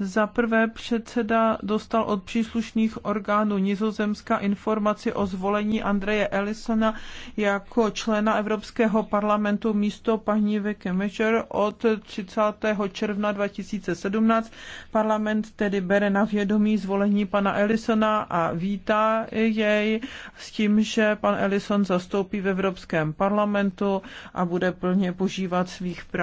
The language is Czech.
Za prvé předseda dostal od příslušných orgánů Nizozemska informaci o zvolení Andreje Ellisona jako člena Evropského parlamentu místo paní Vicky Mečer od 30. června 2017. Parlament tedy bere na vědomí zvolení pana Ellisona a vítá jej s tím, že pan Ellison zastoupí v Evropském parlamentu a bude plně požívat svých práv.